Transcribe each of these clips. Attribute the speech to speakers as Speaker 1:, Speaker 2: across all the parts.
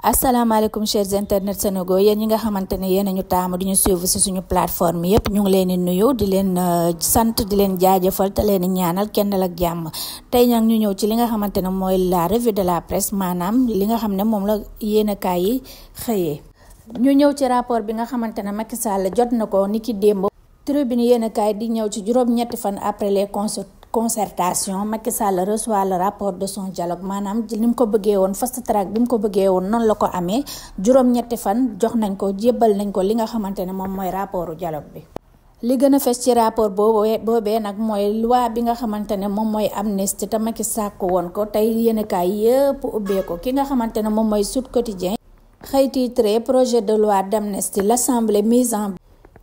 Speaker 1: asalaamaaleykum chers internet Sénégal yéen ñi nga xamante ne yéen a ñu taamu di ñu suivre si suñu plateforme yëpp ñu ngi leen di nuyu di leen euh, sant di leen jaajëfal te leen ñaanal kenn ak jàmm tey nag ñu ñëw ci li nga xamante ne mooy la revue de la presse maanaam li nga xam ne moom la yéenekaay yi xëyee. ñu ñëw ci rapport bi nga xamante ne Macky Sall jot na ko ni ki démb tribune yéenekaay di ñëw ci juróom-ñetti fan après les consultations. concertation Macky Sall reçoit le rapport de son dialogue maanaam ni mu ko bëggee woon fast track bi ko bëggee woon noonu la ko amee juróom-ñetti fan jox nañ ko jébbal nañ ko li nga xamante moom mooy rapportu a fes ci bi nga xamante ne moom mooy amnistie te Macky sàkk woon ko tey yéenekaay yëpp ubbee ko ki nga xamante ne moom mooy Sud Quotidien xëy projet de loi d'amnistie l'assemblée mise en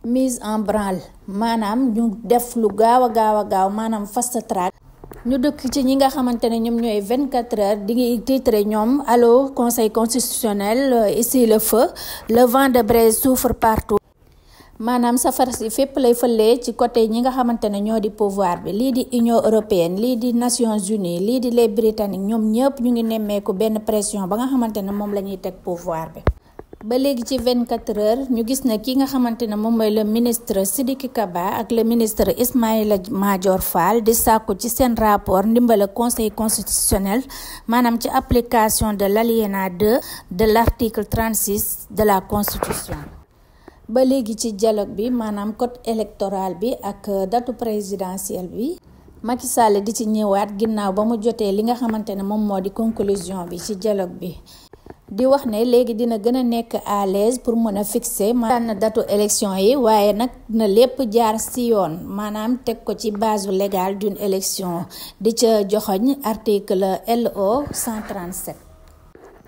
Speaker 1: mise en branle maanaam ñu def lu gaaw a gaaw a gaaw maanaam fast track ñu dëkk ci ñi nga xamante ne ñoom ñooy 24 heures di ngi titre ñoom allo conseil constitutionnel euh, ici le feu le vent de braise souffle partout. maanaam safara si fépp lay fëlee ci côté ñi nga xamante ne ñoo di pouvoir bi lii di Union européenne lii di Nations Unies lii di les Britanniques ñoom ñëpp ñu ngi nemmeeku benn pression ba nga xamante ne moom la ñuy teg pouvoir bi. ba léegi ci 24 heures ñu gis na ki nga xamante ne moom mooy le ministre Sidiki Kaba ak le ministre Ismaïla Madior Fall di sàkku ci seen raport ndimbale conseil constitutionnel maanaam ci application de laliena 2 de l'article 36 de la constitution ba léegi ci dialogue bi maanaam code électoral bi ak datu présidentielle bi Macky di ci ñëwaat ginnaaw ba mu jotee li nga xamante ne moom moo di conclusion bi ci dialogue bi di wax ne léegi dina gën a nekk à l'aise pour mën a fixer maanaam datu élection yi waaye nag na lépp jaar si yoon maanaam teg ko ci base légale d'une élection di ca joxoñ article LO 137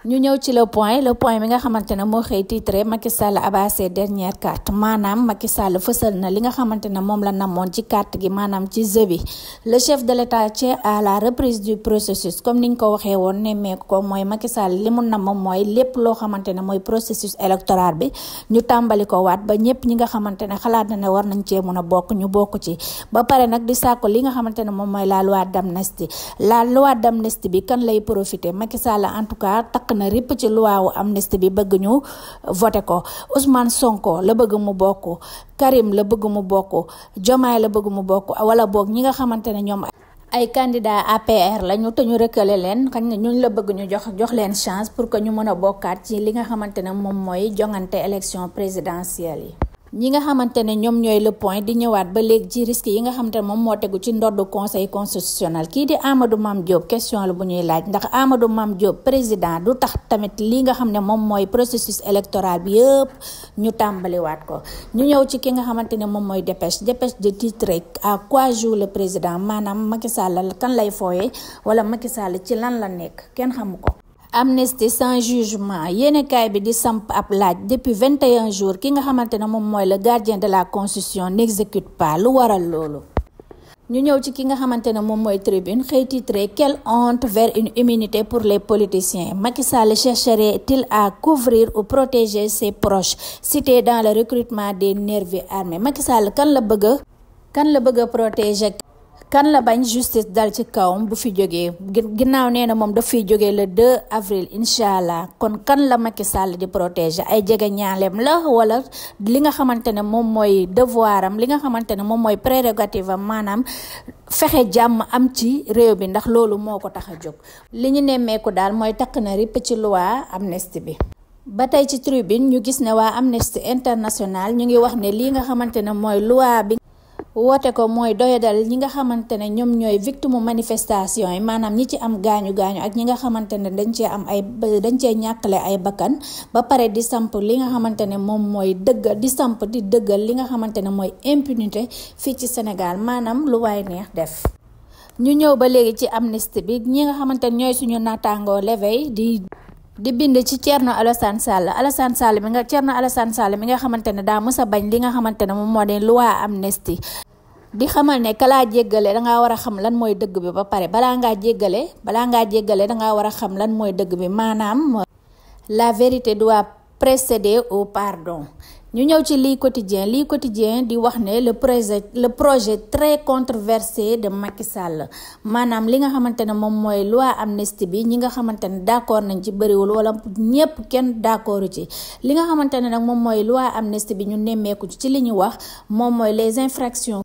Speaker 1: ñu ñëw ci la point le point bi nga xamante ne moo xëy titre Macky Sall abassé dernière carte maanaam Macky Sall fësal na li nga xamante ne moom la namoon ci carte gi maanaam ci jeu bi le chef de l'État à la reprise du processus comme niñ ko waxee woon nemmeeku ko mooy Macky Sall li mu namm mooy lépp loo xamante ne mooy processus électoral bi ñu tàmbali ko waat ba ñëpp ñi nga xamante ne xalaat na ne war nañ cee mun a bokk ñu bokk ci ba pare nag di sàkku li nga xamante ne moom mooy la loi d'amnistie la loi d'amnistie bi kan lay profité Macky Sall en tout cas takk na ripp ci luwaawu amnistie bi bëgg ñu voté ko Ousmane Sonko la bëgg mu bokk Karim la bëgg mu bokk Jomaay la bëgg mu bokk wala boog ñi nga xamante ne ñoom ay candidat APR lañu te ñu rëkkale leen xañ na ñuñ la bëgg ñu jox jox leen chance pour que ñu mën a bokkaat ci li nga xamante ne moom mooy jongante élection présidentielle yi ñi nga xamante ne ñoom ñooy le point di ñëwaat ba léegi ci risque yi nga xamante ne moom moo tegu ci ndodd conseil constitutionnel kii di Amadou Mame Diop question la bu ñuy laaj ndax Amadou maam Diop président du tax tamit li nga xam ne moom mooy processus électoral bi yëpp ñu tàmbaliwaat ko ñu ñëw ci ki nga xamante ne moom mooy dépêche dépêche de titre à quoi joue le président maanaam Macky kan lay fooyee wala Macky Sall ci lan la nekk kenn xamu ko. amnistie sans jugement yéenekaay bi di samp ab laaj depuis 21 jours ki nga xamante ne moom mooy le gardien de la constitution n'exécute pas lu waral loolu ñu ñëw ci ki nga xamante ne moom mooy tribune xëy titré quelle honte vers une immunité pour les politiciens Macky Sall chercherait-il à couvrir ou protéger ses proches cité dans le recrutement des nervis armés Macky kan la bëgg kan la bëgg a protéger kan la bañ justice dal ci kawam bu fi jógee ginnaaw nee na moom daf fiy jógee le 2 avril incha allah kon kan la Macky Sall di protéger ay jege ñaaleem la wala li nga xamante ne moom mooy devoir am li nga xamante ne moom mooy prérogative am maanaam fexe jàmm am ci réew bi ndax loolu moo ko tax a jóg li ñu nemmeeku daal mooy takk na ripp ci loi amnistie bi. ba tey ci tribune ñu gis ne waa Amnesty International ñu ngi wax ne lii nga xamante ne mooy loi bi. woote ko mooy doyadal ñi nga xamante ne ñoom ñooy victime manifestation yi maanaam ñi ci am gaañu gaañu ak ñi nga xamante ne dañ cee am ay dañ cee ñàkkale ay bakkan ba pare di samp li nga xamante ne moom mooy dëgg di samp di dëggal li nga xamante ne mooy impunité fii ci Sénégal maanaam lu waay neex def. ñu ñëw ba léegi ci amnistie bi ñi nga xamante ne ñooy suñu naataangoo l'éveil di. di bind ci Thierno Alassane Sall Alassane Sall mi nga Thierno Alassane Sall mi nga xamante ne daa mës a bañ li nga ne moom moo di loi amnistie di xamal ne kalaa jéggale dangaa war a xam lan mooy dëgg bi ba pare balaa ngaa jéggale balaa ngaa jéggale dangaa war a xam lan mooy dëgg bi maanaam la vérité doit précéder au pardon ñu ñëw ci lii quotidien lii quotidien di wax ne le projet le projet très controversé de Macky Sall maanaam li nga xamante ne moom mooy am amnistie bi ñi nga xamante ne d'accord nañ ci bëriwul wala ñépp kenn d'accord ci li nga xamante ne nag moom mooy loi amnistie bi ñu nemmeeku ci li ñu wax moom mooy les infractions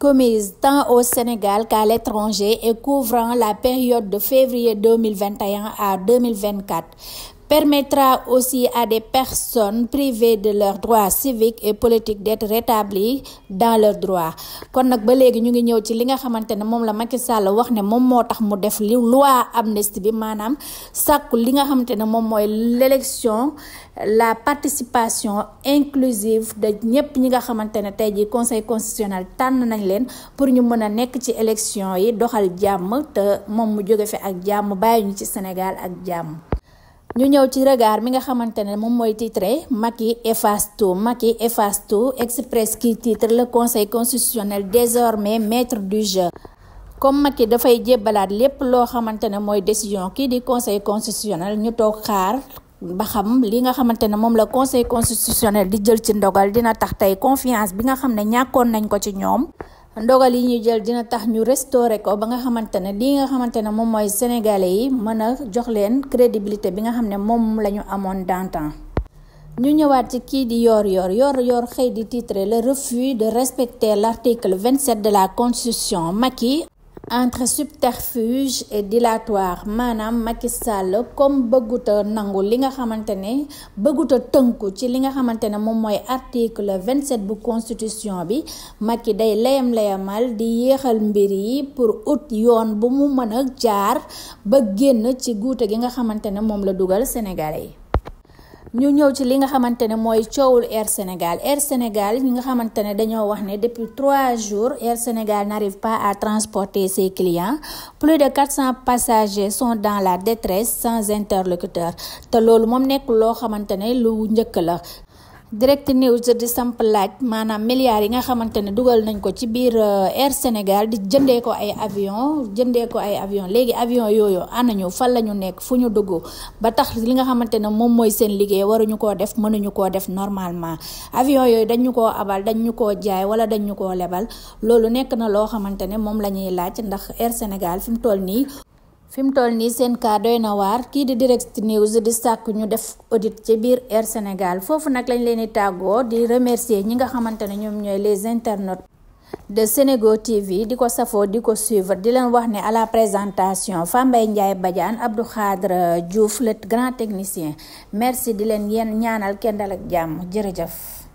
Speaker 1: commises temps au Sénégal qu'à l'étranger et couvrant la période de février 2021 à 2024. permettra aussi à des personnes privées de leurs droits civiques et politiques d'être rétablies dans leurs droits kon nag ba léegi ñu ngi ñëw ci li nga xamante ne moom la Macky la wax ne moom moo tax mu def li loi amnistie bi maanaam sàkku li nga xamante ne moom mooy l'élection la participation inclusive de ñëpp ñi nga xamante ne tey jii conseil constitutionnel tànn nañ leen pour ñu mën a nekk ci élection yi doxal jàmm te moom mu jóge fi ak jàmm bàyyi ñu ci Sénégal ak jàmm. ñu ñëw ci regard mi nga xamante ne moom mooy titre Macky efface tout Macky efface tout express qui titre le conseil constitutionnel désormais maître du jeu comme mag yi dafay jébbalaat lépp loo xamante ne mooy décision kii di conseil constitutionnel ñu toog xaar ba xam li nga xamante ne moom la conseil constitutionnel di jël ci ndogal dina tax tey confiance bi nga xam ne ñàkkoon nañ ko ci ñoom ndogal yi ñuy jël dina tax ñu restauré ko ba nga xamante ne lii nga xamante ne moom mooy sénégalais yi mën a jox leen crédibilité bi nga xam ne moom la ñu amoon d'antan ñu ñëwaat ci kii di yor yor yor yor xëy di titre le refus de respecter l'article 27 de la constitution Macky entre subterfuge et dilatoire maanaam Macky Sall comme bëgguta nangu li nga xamante ne bëgguta tënku ci li nga xamante ne moom mooy article vingt sept bu constitution bi Macky day layam layamal di yéexal mbir yi pour ut yoon bu mu mën a jaar ba génn ci guute gi nga xamante ne moom la dugal Sénégalais yi. ñu ñëw ci li nga xamante ne mooy coowul Air Sénégal Air Sénégal ñi nga xamante ne dañoo wax ne depuis trois jours Air Sénégal n'arrive pas à transporter ses clients plus de quatre cents passagers sont dans la détresse sans interlocuteur te loolu moom nekk loo xamante ne lu njëkk la direct news di samp laaj maanaam milliards yi nga xamante ne dugal nañ ko ci biir euh, Air Sénégal di jëndee ko ay avion jëndee ko ay avion léegi avion yooyu anañu fan la ñu nekk fu ñu dugg ba tax li nga xamante ne moom mooy seen liggéey waruñu koo def mënuñu koo def normalement avion yooyu dañu ko abal dañu ñu koo jaay wala dañ ñu koo lebal loolu nekk na loo xamante ne moom la ñuy laaj ndax Air Sénégal fi mu toll nii fi mu toll nii seen kaa doy na waar kii di direct news di sàkk ñu def audit ci biir Air Sénégal foofu nag lañ leen di tàggoo di remercier ñi nga xamante ne ñoom ñooy les internautes de Senego TV di ko safoo di ko suivre di leen wax ni à la présentation Fambaye Ndiaye Badiane Abdou Khadre Diouf le grand technicien merci di leen yéen ñaanal kendal ak jàmm jërëjëf.